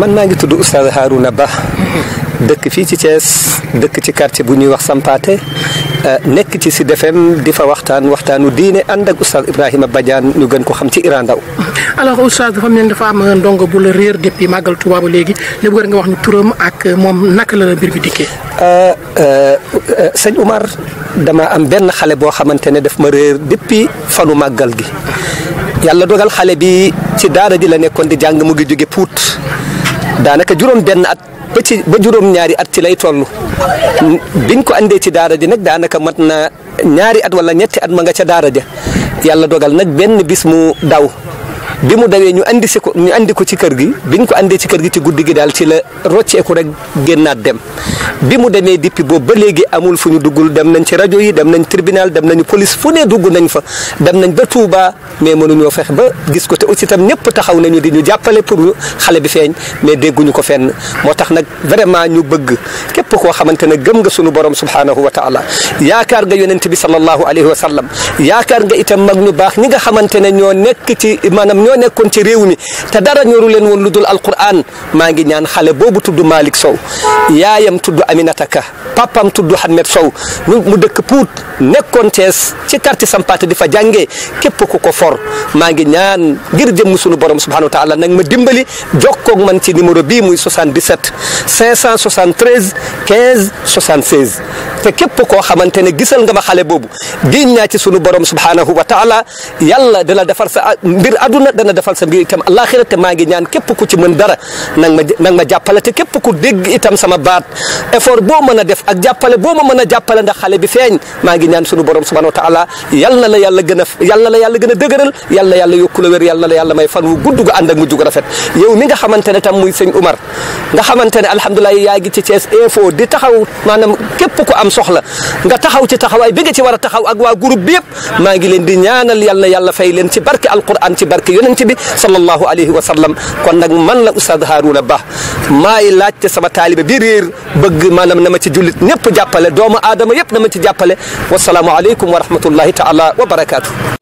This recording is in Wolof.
man maa ngi tudd Oustaz Harouna Ba dëkk fii ci Thiès dëkk ci quartier bu ñuy wax Sampaate euh, nekk ci si FM di fa waxtaan waxtaanu diine ànd ak Oustaz Ibrahima Badiane ñu gën ko xam ci Iran Ndaw alors Oustaz dafa mel ni dafa am ndongo bu la réer depuis màggal Tuuba ba léegi li bëgg nga wax ñu turam ak moom naka la mbir bi dikkee. Euh, euh, sëñ Umar dama am benn xale boo xamante ne daf ma réer depuis fanu màggal gi yàlla dogal xale bi ci daara ji la nekkoon di jàng mu ngi jóge Pout. daanaka juróom benn at ba ba juróom ñaari at ci lay toll biñ ko andee ci daara ji nag daanaka mat na ñaari at wala ñetti at ma nga ca daara ja yàlla dogal nag benn bis mu daw bi mu dawee ñu andi si ko ñu andi ko ci kër gi bi ñu ko andee ci kër gi ci guddi gi daal ci la rocceeku rek génnaat dem bi mu demee dippi boobu ba léegi amul fu ñu duggul dem nañ ci rajo yi dem nañ tribunal dem nañu police fu ne dugg nañ fa dem nañ ba Touba mais mënuñoo fexe ba gis ko te aussi tam ñëpp taxaw nañu di ñu jàppale pour xale bi feeñ mais dégguñu ko fenn moo tax nag vraiment ñu bëgg képp koo xamante ne gëm nga sunu borom subhaanahu wa taala yaakaar nga yonent bi sallallahu alayhi wa sallam yaakaar nga itam mag ñu baax ñi nga xamante ne ñoo nekk ci maanaam ñoo nekkoon ci réew mi te dara ñoru leen woon lu dul alquran maa ngi ñaan xale boobu tudd Malick Sow yaayam tudd aminataka Ka papam tudd Hamed Sow mu dëkk Pout nekkoon Cees ci quartier Sampaate di fa jàngee képp ku ko for maa ngi ñaan ngir jëmm sunu borom subhaanahu wa taala nag ma dimbali jokkoog man ci numéro bii muy 77 573 15 te képp koo xamante ne gisal nga ma xale boobu génn naa ci sunu borom subhaanahu wa taala yàlla dana defar sa mbir aduna dana defar sa mbir itam alaxira te maa ngi ñaan képp ku ci mën dara nag ma nag ma jàppale te képp ku dégg itam sama baat effort boo mën a def ak jàppale boo ma mën a jàppale ndax xale bi feeñ maa ngi ñaan sunu borom subhaanahu wa taala yal na la yàlla gën a yal na la yàlla gën a dëgëral yal na yàlla yokku la wér yal na la yàlla may fan wu gudd gu ànd ak mujj gu nga xamante ne tam muy sëñ Umar nga di taxaw maanaam képp ku am soxla nga taxaw ci taxawaay bi nga ci war a taxaw ak waa groupe maa ngi leen di ñaanal yàlla yàlla fay leen ci barke alquran ci barke yonent bi sallallahu alayhi wa sallam kon nag man la Oustaz Harouna Ba maay laajte sama taalibe bi réer bëgg maanaam na ma ci jullit ñëpp jàppale doomu adama yëpp na ma ci jàppale wasalaamu aleykum wa rahmatullahi taala wa barakaatu.